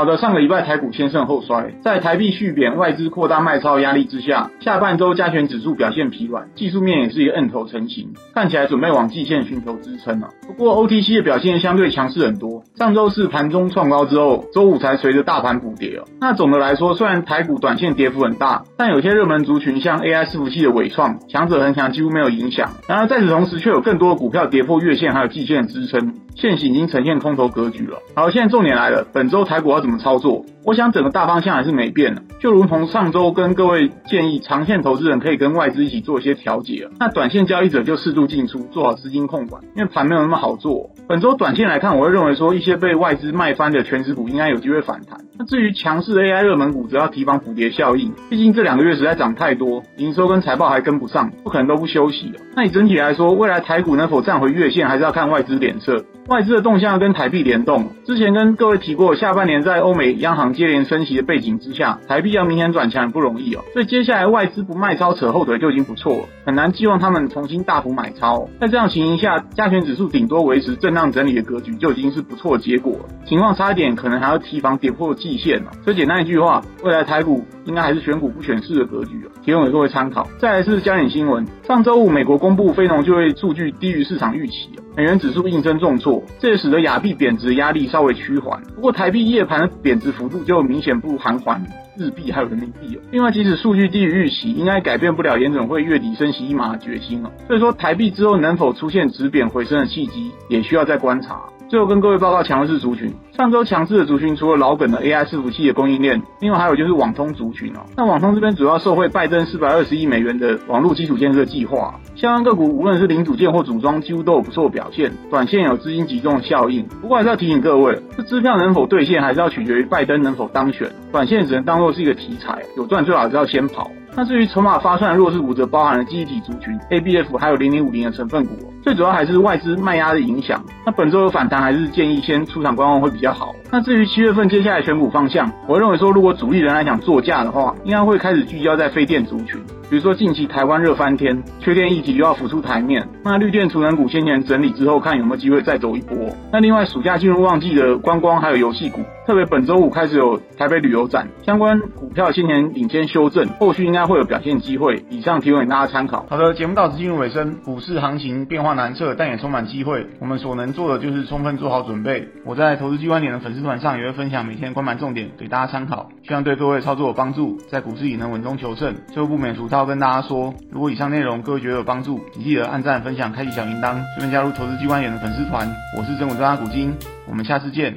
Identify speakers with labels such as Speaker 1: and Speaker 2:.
Speaker 1: 好的，上個禮拜台股先盛後衰，在台幣續貶、外資擴大賣超壓力之下，下半周加權指數表現疲軟，技術面也是一個 M 頭成型，看起來準備往季線尋求支撐了。不過 OTC 的表現相對強勢很多，上周四盤中創高之後，周五才隨着大盤補跌了。那總的來說，雖然台股短線跌幅很大，但有些熱門族群像 AI 伺服器的緯創，強者恆強幾乎沒有影響。然而在此同時，卻有更多的股票跌破月線，還有季線支撐，線型已經呈現空頭格局了。好，現在重點來了，本周台股要怎麼操作？我想整個大方向還是沒變的，就如同上周跟各位建議，長線投資人可以跟外資一起做一些調節，那短線交易者就適度進出，做好資金控管，因為盤沒有那麼好做哦。本周短線來看，我會認為說一些被外資賣翻的權值股應該有機會反彈。那至於強勢 AI 熱門股，則要提防補跌效應，畢竟這兩個月實在漲太多，營收跟財報還跟不上，不可能都不休息的。那你整體來說，未來台股能否站回月線，還是要看外資臉色，外資的動向要跟台幣聯動。之前跟各位提過，下半年在歐美央行，接連升息的背景之下，台幣要明顯轉強也不容易哦。所以接下來外資不賣超扯後腿就已經不錯了，很難寄望他們重新大幅買超哦。在這樣情形下，加權指數頂多維持震盪整理的格局，就已經是不錯的結果了。情況差一點，可能還要提防跌破的季線了哦。所以簡單一句話，未來台股應該還是選股不選市的格局啊。提供一個參考。再來是焦點新聞，上周五美國公布非農就業數據低於市場預期，美元指數應聲重挫，這也使得亞幣貶值壓力稍微趨緩。不過台幣夜盤的貶值幅度就明顯不如韓元、日幣還有人民幣了。另外，即使數據低於預期，應該改變不了聯準會月底升息一碼的決心了。所以說，台幣之後能否出現止貶回升的契機，也需要再觀察。最後跟各位報告強勢族群，上周強勢的族群除了老梗的 AI 伺服器的供應鏈，另外還有就是網通族群哦。那網通這邊主要受惠拜登四百二十億美元的網絡基礎建設計劃，相關個股無論是零組件或組裝，幾乎都有不錯的表現。短線有資金集中效應，不過還是要提醒各位，這支票能否兌現，還是要取決於拜登能否當選。短線只能當做是一個題材，有賺最好是要先跑。那至於籌碼發散，弱勢股則包含了記憶體族群、ABF，還有零零五零的成分股，最主要還是外資賣壓的影響。那本周有反彈，還是建議先出場觀望會比較好。那至於七月份接下來選股方向，我認為說，如果主力仍然想做價的話，應該會開始聚焦在非電族群。比如說，近期台灣熱翻天，缺電議題又要浮出檯面，那綠電儲能股先前整理之後，看有沒有機會再走一波。那另外，暑假進入旺季的觀光還有遊戲股，特別本週五開始有台北旅遊展相關股票，先前領先修正，後續應該會有表現機會。以上提供給大家參考。好的，節目到此進入尾聲，股市行情變化難測，但也充滿機會。我們所能做的就是充分做好準備。我在投資 G 觀點的粉絲團上也會分享每天關盤重點，給大家參考，希望對各位操作有幫助，在股市也能穩中求勝。最後不免俗要跟大家說，如果以上內容各位覺得有幫助，你記得按讚、分享、開啟小鈴鐺，順便加入投資 G 觀點的粉絲團。我是拯股專家股晶，我們下次見。